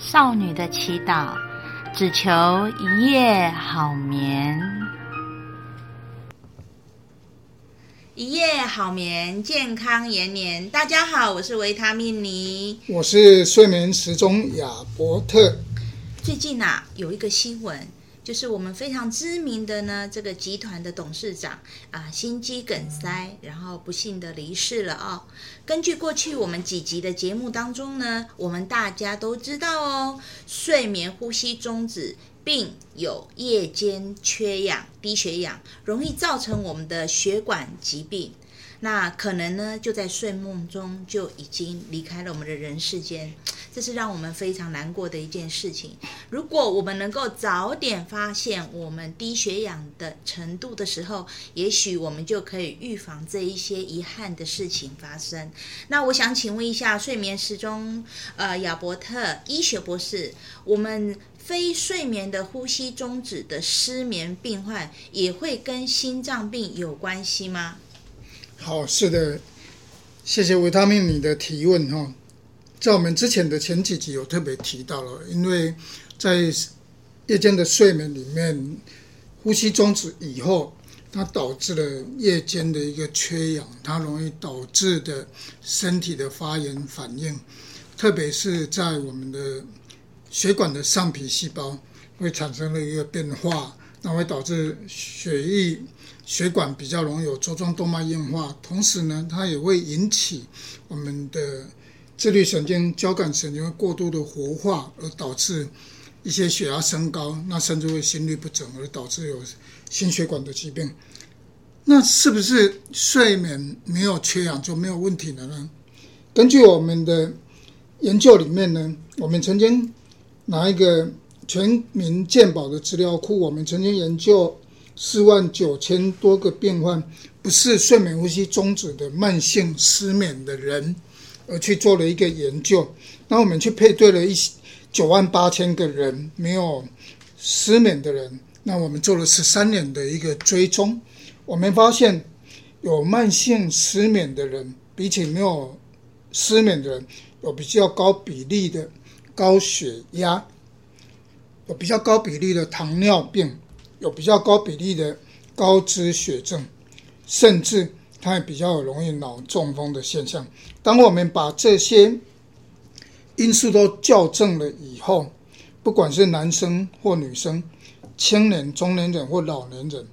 少女的祈禱，只求一夜好眠。一夜好眠，健康延年。大家好，我是維他命妮，我是睡眠時鐘亞伯特。最近吶、啊，有一個新聞。就是我們非常知名的呢，這個集團的董事長啊，心肌梗塞，然後不幸的離世了哦，根據過去我們幾集的節目當中呢，我們大家都知道哦，睡眠呼吸中止，並有夜間缺氧、低血氧，容易造成我們的血管疾病，那可能呢就在睡夢中就已經離開了我們的人世間。這是讓我們非常難過的一件事情。如果我們能夠早點發現我們低血氧的程度的時候，也許我們就可以預防這一些遺憾的事情發生。那我想請問一下睡眠時鐘，呃，雅伯特醫學博士，我們非睡眠的呼吸中止的失眠病患也會跟心臟病有關係嗎？好，是的。謝謝維他命你的提問哦。在我們之前的前幾集有特別提到了，因為在夜間的睡眠裡面，呼吸中止以後，它導致了夜間的一個缺氧，它容易導致的身體的發炎反應，特別是在我們的血管的上皮細胞會產生了一個變化，那會導致血液血管比較容易有粥狀動脈硬化，同時呢，它也會引起我們的。自律神經、交感神經會過度的活化，而導致一些血壓升高，那甚至會心律不整，而導致有心血管的疾病。那是不是睡眠沒有缺氧就沒有問題了呢？根據我們的研究裡面呢，我們曾經拿一個全民健保的資料庫，我們曾經研究四萬九千多個病患，不是睡眠呼吸中止的慢性失眠的人。而去做了一個研究，那我們去配對了一九萬八千個人沒有失眠的人，那我們做了十三年的一個追蹤，我們發現有慢性失眠的人，比起沒有失眠的人，有比較高比例的高血壓，有比較高比例的糖尿病，有比較高比例的高脂血症，甚至。他也比較容易腦中風的現象。當我們把這些因素都校正了以後，不管是男生或女生、青年、中年人或老年人，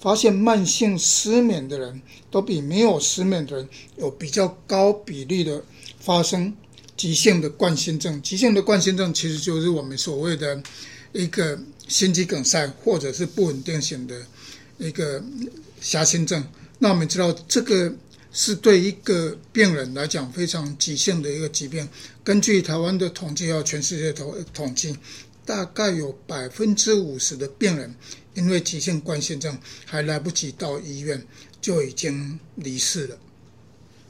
發現慢性失眠的人都比沒有失眠的人有比較高比例的發生急性的冠心症。急性的冠心症其實就是我們所謂的一個心肌梗塞，或者是不穩定型的一個狹心症。那我們知道，這個是對一個病人來講非常急性的一個疾病。根據台灣的統計和全世界統統計，大概有百分之五十的病人，因為急性冠心症還來不及到醫院，就已經離世了。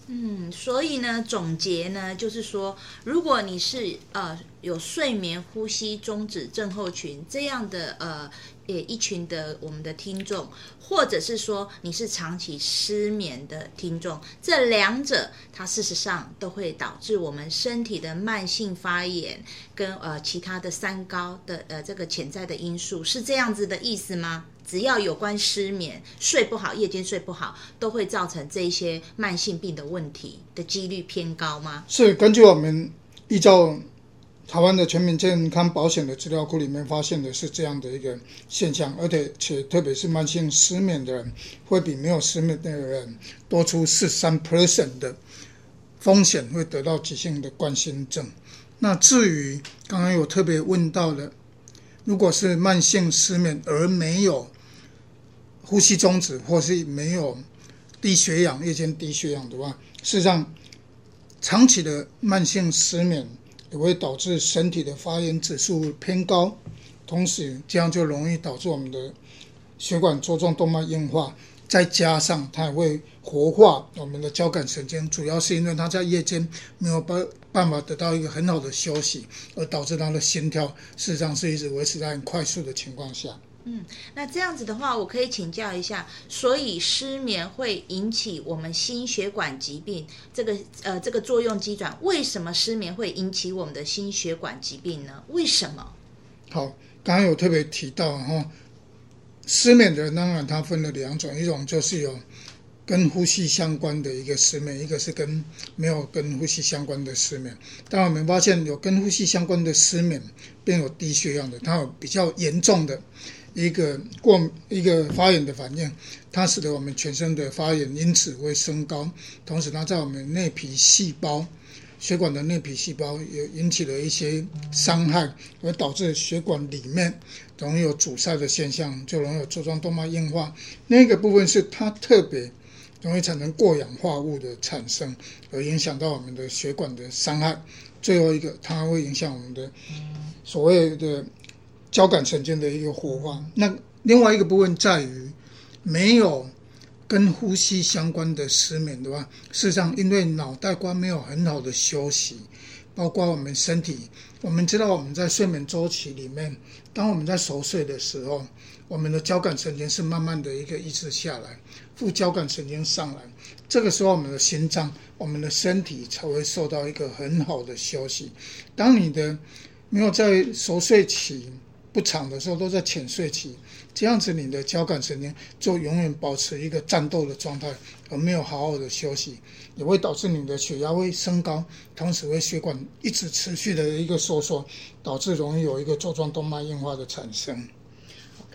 嗯，所以呢，總結呢，就是說，如果你是呃有睡眠呼吸中止症候群這樣的呃。也一群的我們的聽眾，或者是說你是長期失眠的聽眾，這兩者它事實上都會導致我們身體的慢性發炎，跟呃其他的三高的呃這個潛在的因素是這樣子的意思嗎？只要有關失眠、睡不好、夜間睡不好，都會造成這些慢性病的問題的幾率偏高嗎？所以根據我們依照。台灣的全民健康保險的資料庫裡面發現的是這樣的一個現象，而且且特別是慢性失眠的人，會比沒有失眠的人多出43 percent 的風險會得到急性的冠心症。那至於剛剛有特別問到的，如果是慢性失眠而沒有呼吸中止或是沒有低血氧、夜間低血氧的話，事實上長期的慢性失眠，也會導致身體的發炎指數偏高，同時這樣就容易導致我們的血管粥狀動脈硬化，再加上它也會活化我們的交感神經，主要是因為它在夜間沒有辦法得到一個很好的休息，而導致它的心跳事實上是一直維持在很快速的情況下。嗯，那這樣子的話，我可以請教一下，所以失眠會引起我們心血管疾病這個呃這個作用機轉，為什麼失眠會引起我們的心血管疾病呢？為什麼？好，剛剛有特別提到哈、哦，失眠的人當然它分了兩種，一種就是有跟呼吸相關的一個失眠，一個是跟沒有跟呼吸相關的失眠。但我們發現有跟呼吸相關的失眠，並有低血氧的，它有比較嚴重的。一個過一個發炎的反應，它使得我們全身的發炎因子會升高，同時它在我們內皮細胞、血管的內皮細胞也引起了一些傷害，嗯、會導致血管裡面容易有阻塞的現象，就容易有粥狀動脈硬化。那個部分是它特別容易產生過氧化物的產生，而影響到我們的血管的傷害。最後一個，它會影響我們的所謂的、嗯。交感神經的一個活化，那另外一個部分在於沒有跟呼吸相關的失眠的話，事實上，因為腦袋瓜沒有很好的休息，包括我們身體，我們知道我們在睡眠週期裡面，當我們在熟睡的時候，我們的交感神經是慢慢的一個抑制下來，副交感神經上來，這個時候我們的心臟、我們的身體才會受到一個很好的休息。當你的沒有在熟睡期。不長的時候都在淺睡期，這樣子你的交感神經就永遠保持一個戰鬥的狀態，而沒有好好的休息，也會導致你的血壓會升高，同時會血管一直持續的一個收縮，導致容易有一個粥狀動脈硬化的產生。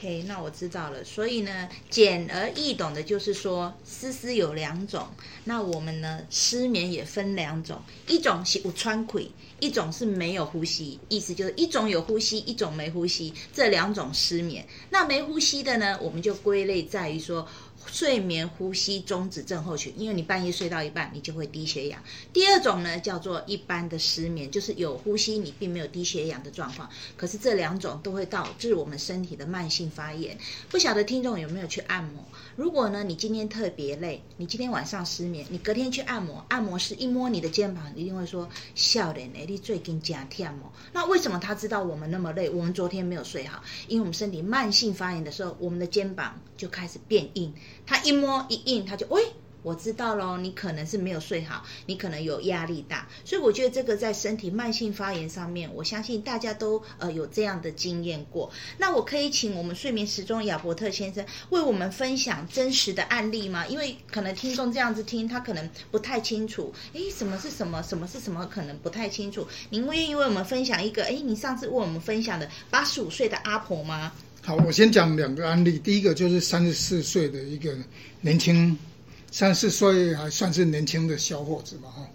OK，那我知道了。所以呢，簡而易懂的就是說，思思有兩種。那我們呢，失眠也分兩種，一種是有喘氣，一種是沒有呼吸。意思就是一種有呼吸，一種沒呼吸，這兩種失眠。那沒呼吸的呢，我們就歸類在於說。睡眠呼吸中止症候群，因為你半夜睡到一半，你就會低血氧。第二種呢，叫做一般的失眠，就是有呼吸，你並沒有低血氧的狀況。可是這兩種都會導致我們身體的慢性發炎。不曉得聽眾有沒有去按摩？如果呢，你今天特別累，你今天晚上失眠，你隔天去按摩，按摩師一摸你的肩膀，一定會說笑臉，你最近講天按摩。那為什麼他知道我們那麼累？我們昨天沒有睡好，因為我們身體慢性發炎的時候，我們的肩膀就開始變硬。他一摸一印，他就喂、哎，我知道咯。你可能是沒有睡好，你可能有壓力大，所以我覺得這個在身體慢性發炎上面，我相信大家都呃有這樣的經驗過。那我可以請我們睡眠時鐘亞伯特先生為我們分享真實的案例嗎？因為可能聽眾這樣子聽，他可能不太清楚，哎，什麼是什麼，什麼是什麼，可能不太清楚。您會願意為我們分享一個？哎，你上次為我們分享的八十五歲的阿婆嗎？好，我先講兩個案例。第一個就是三十四歲的一個年輕，三十四歲還算是年輕的小伙子嘛，哈。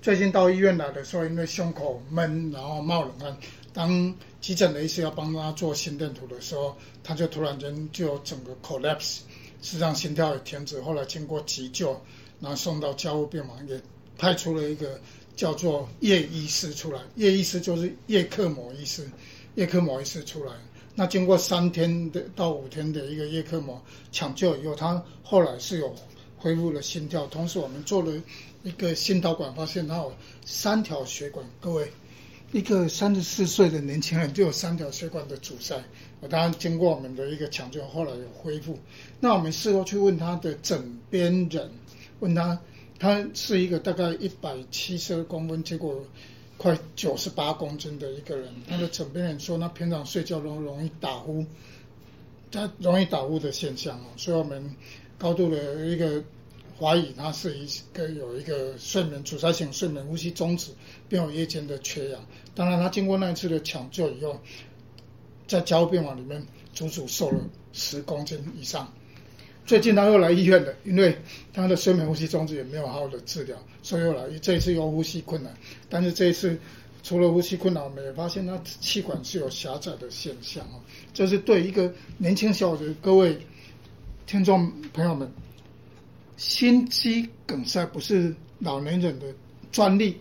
最近到醫院來的時候，因為胸口悶，然後冒冷汗。當急診的醫師要幫他做心電圖的時候，他就突然間就整個 collapse，實際上心跳也停止。後來經過急救，然後送到加護病房，也派出了一個叫做葉醫師出來。葉醫師就是葉克膜醫師，葉克膜醫師出來。那經過三天的到五天的一個葉克膜搶救以後，他後來是有恢復了心跳，同時我們做了一個心導管，發現他有三條血管。各位，一個三十四歲的年輕人就有三條血管的阻塞。我當然經過我們的一個搶救，後來有恢復。那我們事後去問他的枕邊人，問他，他是一個大概一百七十公分，結果。快九十八公斤的一個人，他的枕邊人說，那平常睡覺容容易打呼，他容易打呼的現象哦，所以我們高度的一個懷疑，他是一個有一個睡眠阻塞性睡眠呼吸中止，併有夜間的缺氧。當然，他經過那一次的搶救以後，在加護病房裡面足足瘦了十公斤以上。最近他又來醫院了，因為他的睡眠呼吸中止也沒有好好的治療，所以又來。這一次又呼吸困難，但是這一次除了呼吸困難，我們也發現他氣管是有狹窄的現象啊。這是對一個年輕小夥子，各位聽眾朋友們，心肌梗塞不是老年人的專利。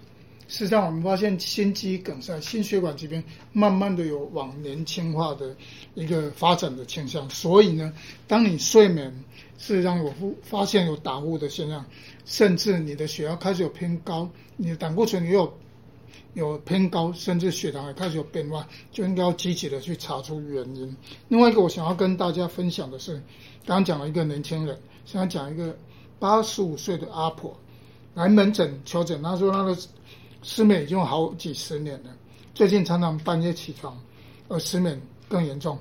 事實上，我們發現心肌梗塞、心血管疾病慢慢的有往年輕化的一個發展的傾向。所以呢，當你睡眠事實上有發現有打呼的現象，甚至你的血壓開始有偏高，你的膽固醇也有有偏高，甚至血糖也開始有變化，就應該要積極的去查出原因。另外一個，我想要跟大家分享的是，剛剛講了一個年輕人，想要講一個八十五歲的阿婆來門診求診，她說她的。失眠已經好幾十年了，最近常常半夜起床，而失眠更嚴重。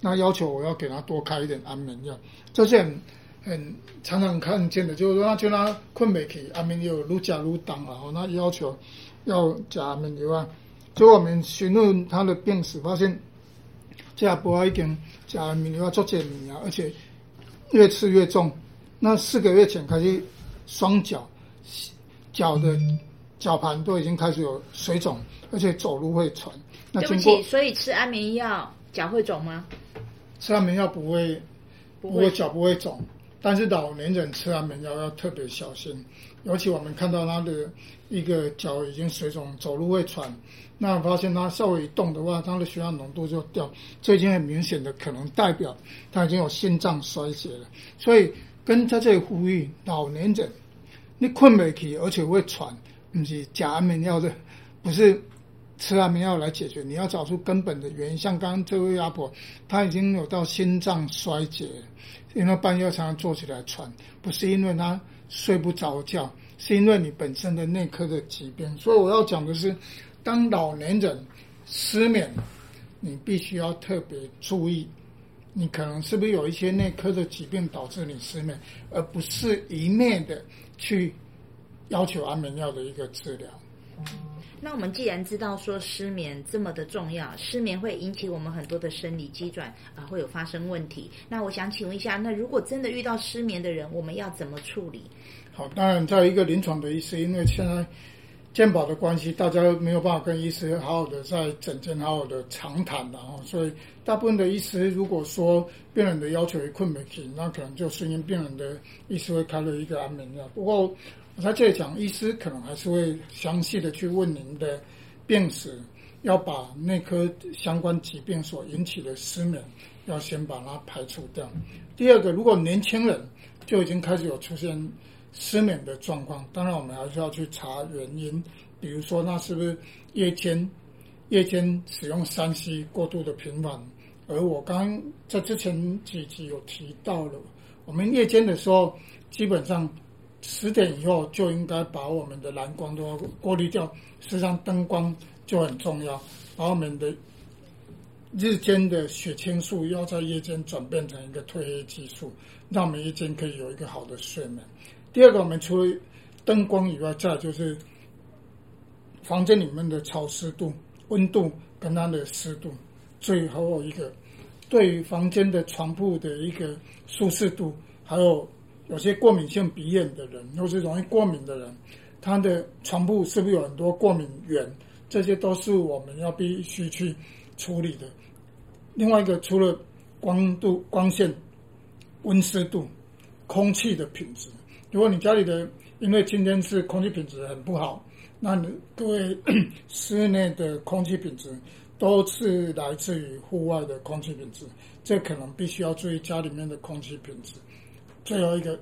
那要求我要給他多開一點安眠藥，這些很，很常常很看見的，就是說，就他困不起，安眠藥如假如當嘛，那要求要加安眠藥啊。就我們詢問他的病史，發現家婆已經加安眠藥做幾年了，而且越吃越重。那四個月前開始雙腳腳的、嗯。腳盤都已經開始有水腫，而且走路會喘。對不起，所以吃安眠藥腳會腫嗎？吃安眠藥不會，不會腳不會腫。會但是老年人吃安眠藥要，要特別小心，尤其我們看到他的一個腳已經水腫，走路會喘。那我發現他稍微一動的話，他的血氧濃度就掉。這已經很明顯的可能代表他已經有心臟衰竭了。所以跟他在這裡呼籲老年人，你睏不去，而且會喘，東西，假安眠藥的，不是吃安眠藥來解決。你要找出根本的原因，像剛剛這位阿婆，她已經有到心臟衰竭了，因為半夜常常坐起來喘，不是因為她睡不着覺，是因為你本身的內科的疾病。所以我要講的是，當老年人失眠，你必須要特別注意，你可能是不是有一些內科的疾病導致你失眠，而不是一味的去。要求安眠藥的一個治療。哦，那我們既然知道說失眠這麼的重要，失眠會引起我們很多的生理機轉啊，會有發生問題。那我想請問一下，那如果真的遇到失眠的人，我們要怎麼處理？好，當然，在一個臨床的醫師，因為現在健保的關係，大家沒有辦法跟醫師好好的在診間好好的長談的、啊、哦，所以大部分的醫師如果說病人的要求困不醒，那可能就順應病人的意思會開了一個安眠藥。不過那這裡講，醫師可能還是會詳細的去問您的病史，要把內科相關疾病所引起的失眠要先把它排除掉。第二個，如果年輕人就已經開始有出現失眠的狀況，當然我們還是要去查原因，比如說那是不是夜間夜間使用三 C 過度的頻繁，而我剛剛在之前幾集有提到了，我們夜間的時候基本上。十點以後就應該把我們的藍光都過濾掉，實際上燈光就很重要。把我們的日間的血清素要在夜間轉變成一個褪黑激素，讓我們夜間可以有一個好的睡眠。第二個，我們除了燈光以外，再就是房間裡面的潮濕度、溫度跟它的濕度。最後一個，對於房間的床鋪的一個舒適度，還有。有些過敏性鼻炎的人，或是容易過敏的人，他的床鋪是不是有很多過敏源？這些都是我們要必須去處理的。另外一個，除了光度、光線、溫濕度、空氣的品質，如果你家裡的，因為今天是空氣品質很不好，那你各位室內的空氣品質都是來自於戶外的空氣品質，這可能必須要注意家裡面的空氣品質。最後一個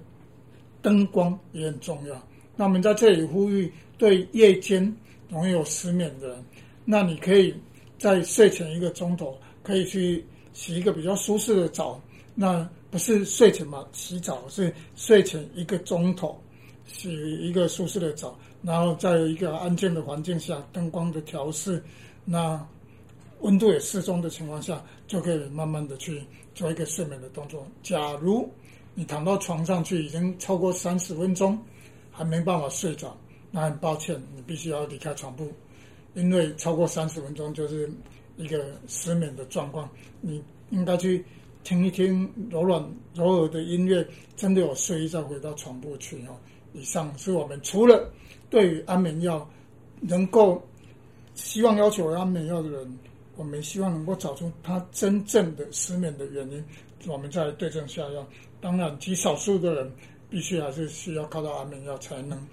燈光也很重要。那我們在這裡呼籲，對夜間容易有失眠的人，那你可以在睡前一個鐘頭，可以去洗一個比較舒適的澡。那不是睡前嘛？洗澡是睡前一個鐘頭洗一個舒適的澡，然後在一個安靜的環境下，燈光的調適，那溫度也適中的情況下，就可以慢慢的去做一個睡眠的動作。假如你躺到床上去，已經超過三十分鐘，還沒辦法睡着，那很抱歉，你必須要離開床鋪，因為超過三十分鐘就是一個失眠的狀況。你應該去聽一聽柔軟、柔和的音樂，真的有睡意再回到床鋪去哦。以上是我們除了對於安眠藥能夠希望要求安眠藥的人，我們希望能夠找出他真正的失眠的原因，我們再對症下藥。當然，極少數的人必須還是需要靠到安眠藥才能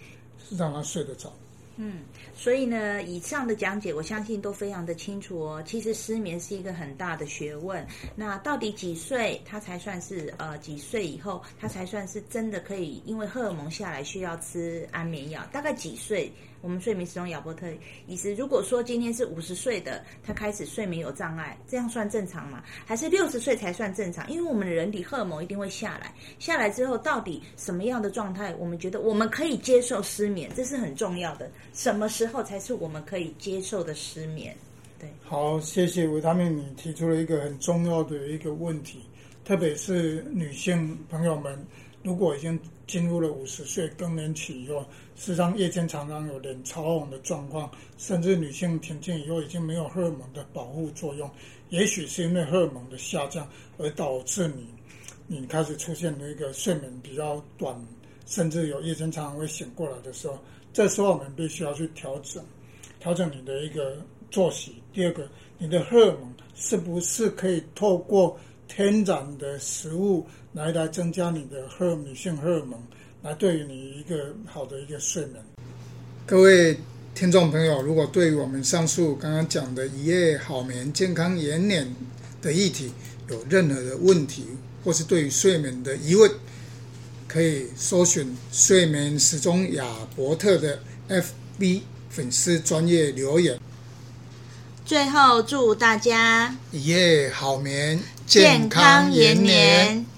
讓他睡得着。嗯。所以呢，以上的講解我相信都非常的清楚哦。其實失眠是一個很大的學問。那到底幾歲他才算是呃幾歲以後他才算是真的可以？因為荷爾蒙下來需要吃安眠藥，大概幾歲？我們睡眠時鐘姚伯特，醫師，如果說今天是五十歲的他開始睡眠有障礙，這樣算正常嗎？還是六十歲才算正常？因為我們的人體荷爾蒙一定會下來，下來之後到底什麼樣的狀態，我們覺得我們可以接受失眠，這是很重要的。什麼時候？後才是我們可以接受的失眠。對，好，謝謝維他命。你提出了一個很重要的一個問題，特別是女性朋友們，如果已經進入了五十歲更年期以後，實際上夜間常常有臉潮紅的狀況，甚至女性停經以後已經沒有荷爾蒙的保護作用，也許是因為荷爾蒙的下降而導致你，你開始出現了一個睡眠比較短，甚至有夜間常常會醒過來的時候。這時候我們必須要去調整，調整你的一個作息。第二個，你的荷爾蒙是不是可以透過天然的食物來來增加你的荷爾，女性荷爾蒙，來對於你一個好的一個睡眠？各位聽眾朋友，如果對於我們上述剛剛講的一夜好眠、健康延年的議題有任何的問題，或是對於睡眠的疑問，可以搜尋睡眠時鐘亞伯特的 FB 粉絲專業留言。最後，祝大家一夜好眠，健康延年。